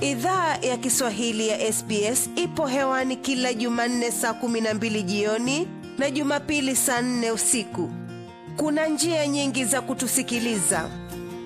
Idhaa ya Kiswahili ya SBS ipo hewani kila Jumanne saa kumi na mbili jioni na Jumapili saa nne usiku. Kuna njia nyingi za kutusikiliza.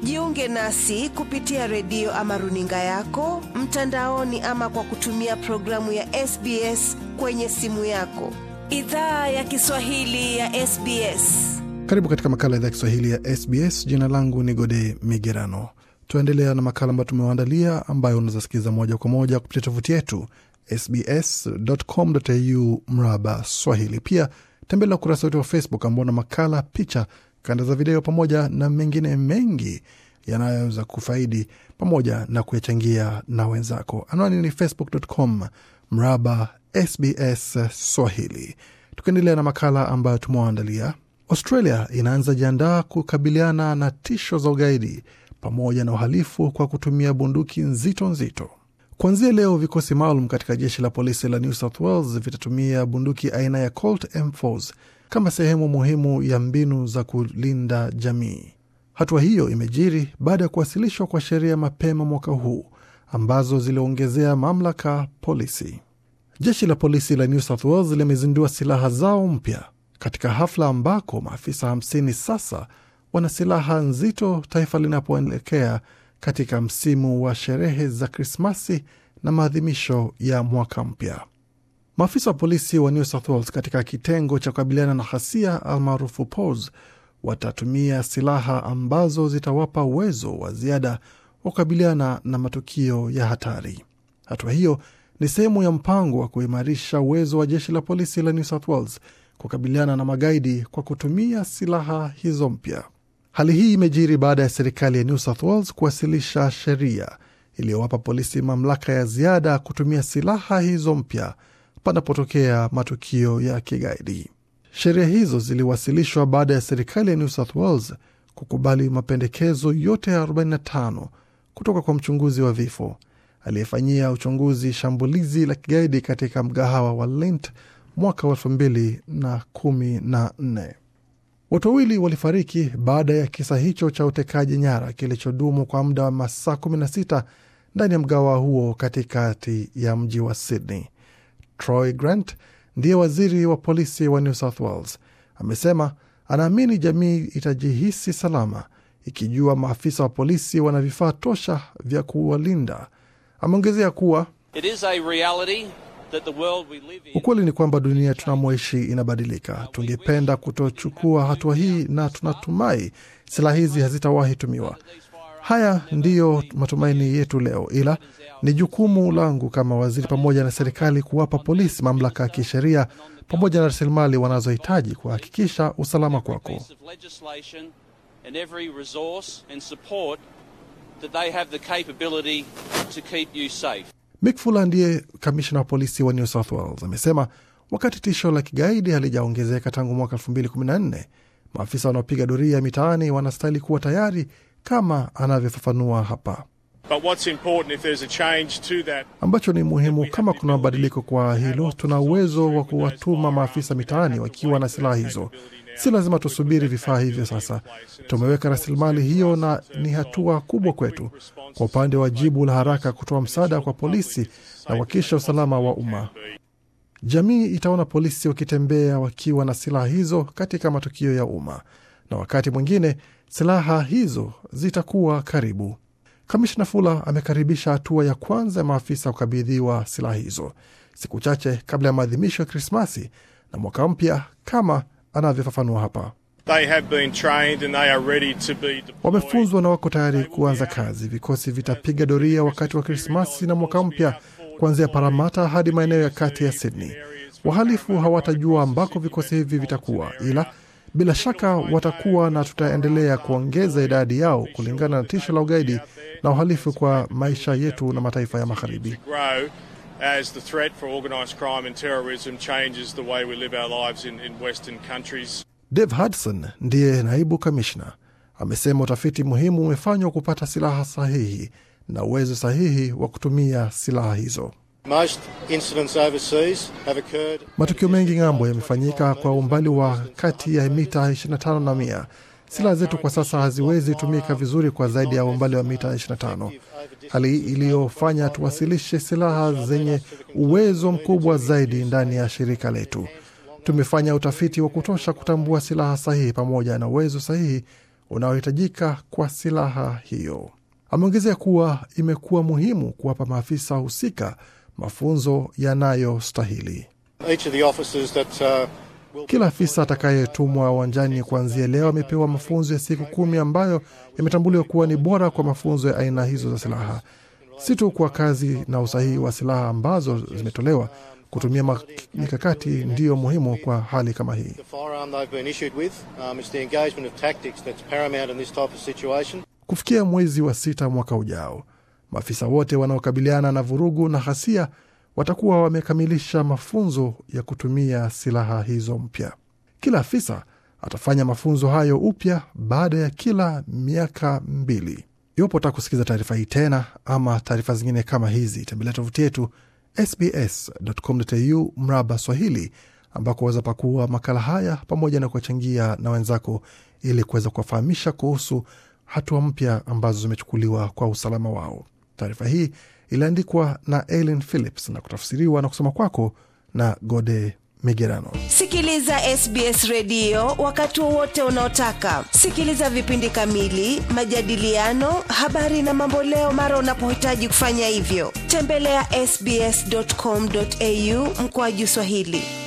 Jiunge nasi kupitia redio ama runinga yako mtandaoni, ama kwa kutumia programu ya SBS kwenye simu yako. Idhaa ya Kiswahili ya SBS. Karibu katika makala ya idhaa ya Kiswahili ya SBS. Jina langu ni Gode Migerano tunaendelea na makala ambayo tumewaandalia ambayo unaweza sikiliza moja kwa moja kupitia tovuti yetu sbs.com.au mraba Swahili. Pia tembelea ukurasa wetu wa Facebook ambao na makala, picha, kanda za video pamoja na mengine mengi yanayoweza kufaidi pamoja na kuyachangia na wenzako. Anwani ni facebook.com mraba SBS Swahili. Tukiendelea na makala ambayo tumewaandalia, Australia inaanza jiandaa kukabiliana na tisho za ugaidi pamoja na uhalifu kwa kutumia bunduki nzito nzito. Kuanzia leo vikosi maalum katika jeshi la polisi la New South Wales vitatumia bunduki aina ya Colt M4 kama sehemu muhimu ya mbinu za kulinda jamii. Hatua hiyo imejiri baada ya kuwasilishwa kwa sheria mapema mwaka huu ambazo ziliongezea mamlaka polisi. Jeshi la polisi la New South Wales limezindua silaha zao mpya katika hafla ambako maafisa 50 sasa wana silaha nzito taifa linapoelekea katika msimu wa sherehe za Krismasi na maadhimisho ya mwaka mpya. Maafisa wa polisi wa New South Wales katika kitengo cha kukabiliana na ghasia almaarufu POS watatumia silaha ambazo zitawapa uwezo wa ziada wa kukabiliana na matukio ya hatari. Hatua hiyo ni sehemu ya mpango wa kuimarisha uwezo wa jeshi la polisi la New South Wales kukabiliana na magaidi kwa kutumia silaha hizo mpya. Hali hii imejiri baada ya serikali ya New South Wales kuwasilisha sheria iliyowapa polisi mamlaka ya ziada kutumia silaha hizo mpya panapotokea matukio ya kigaidi. Sheria hizo ziliwasilishwa baada ya serikali ya New South Wales kukubali mapendekezo yote ya 45 kutoka kwa mchunguzi wa vifo aliyefanyia uchunguzi shambulizi la kigaidi katika mgahawa wa Lint mwaka wa 2014. Watu wawili walifariki baada ya kisa hicho cha utekaji nyara kilichodumu kwa muda wa masaa 16 ndani ya mgawa huo katikati ya mji wa Sydney. Troy Grant ndiye waziri wa polisi wa New South Wales, amesema anaamini jamii itajihisi salama ikijua maafisa wa polisi wana vifaa tosha vya kuwalinda. Ameongezea kuwa It is a reality. Ukweli ni kwamba dunia tunamoishi inabadilika. Uh, Tungependa kutochukua hatua hii, na tunatumai silaha hizi hazitawahi tumiwa. Haya ndiyo matumaini yetu leo, ila ni jukumu langu kama waziri pamoja na serikali kuwapa polisi mamlaka ya kisheria pamoja na rasilimali wanazohitaji kuhakikisha usalama kwako. Mick Fuller ndiye kamishna wa polisi wa New South Wales amesema wakati tisho la kigaidi halijaongezeka tangu mwaka 2014 maafisa wanaopiga doria mitaani wanastahili kuwa tayari, kama anavyofafanua hapa. But what's important if there's a change to that, ambacho ni muhimu kama kuna mabadiliko kwa hilo, tuna uwezo wa kuwatuma maafisa mitaani wakiwa na silaha hizo. Si lazima tusubiri vifaa hivyo sasa. Tumeweka rasilimali hiyo na ni hatua kubwa kwetu. Kwa upande wa jibu la haraka, kutoa msaada kwa polisi na kuhakikisha usalama wa umma. Jamii itaona polisi wakitembea wakiwa na silaha hizo katika matukio ya umma, na wakati mwingine silaha hizo zitakuwa karibu. Kamishna Fula amekaribisha hatua ya kwanza ya maafisa kukabidhiwa silaha hizo siku chache kabla ya maadhimisho ya Krismasi na mwaka mpya, kama anavyofafanua hapa. Wamefunzwa na wako tayari kuanza kazi. Vikosi vitapiga doria wakati wa Krismasi na mwaka mpya kuanzia Paramata hadi maeneo ya kati ya Sydney. Wahalifu hawatajua ambako vikosi hivi vitakuwa, ila bila shaka watakuwa na tutaendelea kuongeza idadi yao kulingana na tisho la ugaidi na uhalifu kwa maisha yetu na mataifa ya magharibi. Dave Hudson ndiye naibu kamishna, amesema utafiti muhimu umefanywa kupata silaha sahihi na uwezo sahihi wa kutumia silaha hizo occurred... Matukio mengi ng'ambo yamefanyika kwa umbali wa kati ya mita 25 na mia. Silaha zetu kwa sasa haziwezi tumika vizuri kwa zaidi ya umbali wa mita 25, hali iliyofanya tuwasilishe silaha zenye uwezo mkubwa zaidi ndani ya shirika letu. Tumefanya utafiti wa kutosha kutambua silaha sahihi pamoja na uwezo sahihi unaohitajika kwa silaha hiyo. Ameongezea kuwa imekuwa muhimu kuwapa maafisa husika mafunzo yanayostahili. Uh, Kila afisa atakayetumwa uwanjani kuanzia leo amepewa mafunzo ya siku kumi ambayo yametambuliwa kuwa ni bora kwa mafunzo ya aina hizo za silaha, si tu kwa kazi na usahihi wa silaha ambazo zimetolewa. Kutumia mikakati ndiyo muhimu kwa hali kama hii. Um, Kufikia mwezi wa sita mwaka ujao, Maafisa wote wanaokabiliana na vurugu na ghasia watakuwa wamekamilisha mafunzo ya kutumia silaha hizo mpya. Kila afisa atafanya mafunzo hayo upya baada ya kila miaka mbili. Iwapo utaka kusikiliza taarifa hii tena ama taarifa zingine kama hizi, tembelea tovuti yetu sbs.com.au mraba Swahili, ambako waweza pakua makala haya pamoja na kuwachangia na wenzako ili kuweza kuwafahamisha kuhusu hatua mpya ambazo zimechukuliwa kwa usalama wao. Taarifa hii iliandikwa na Elin Phillips na kutafsiriwa na kusoma kwako na Gode Migerano. Sikiliza SBS redio wakati wowote unaotaka. Sikiliza vipindi kamili, majadiliano, habari na mamboleo mara unapohitaji kufanya hivyo. Tembelea ya sbs.com.au mkoaji Swahili.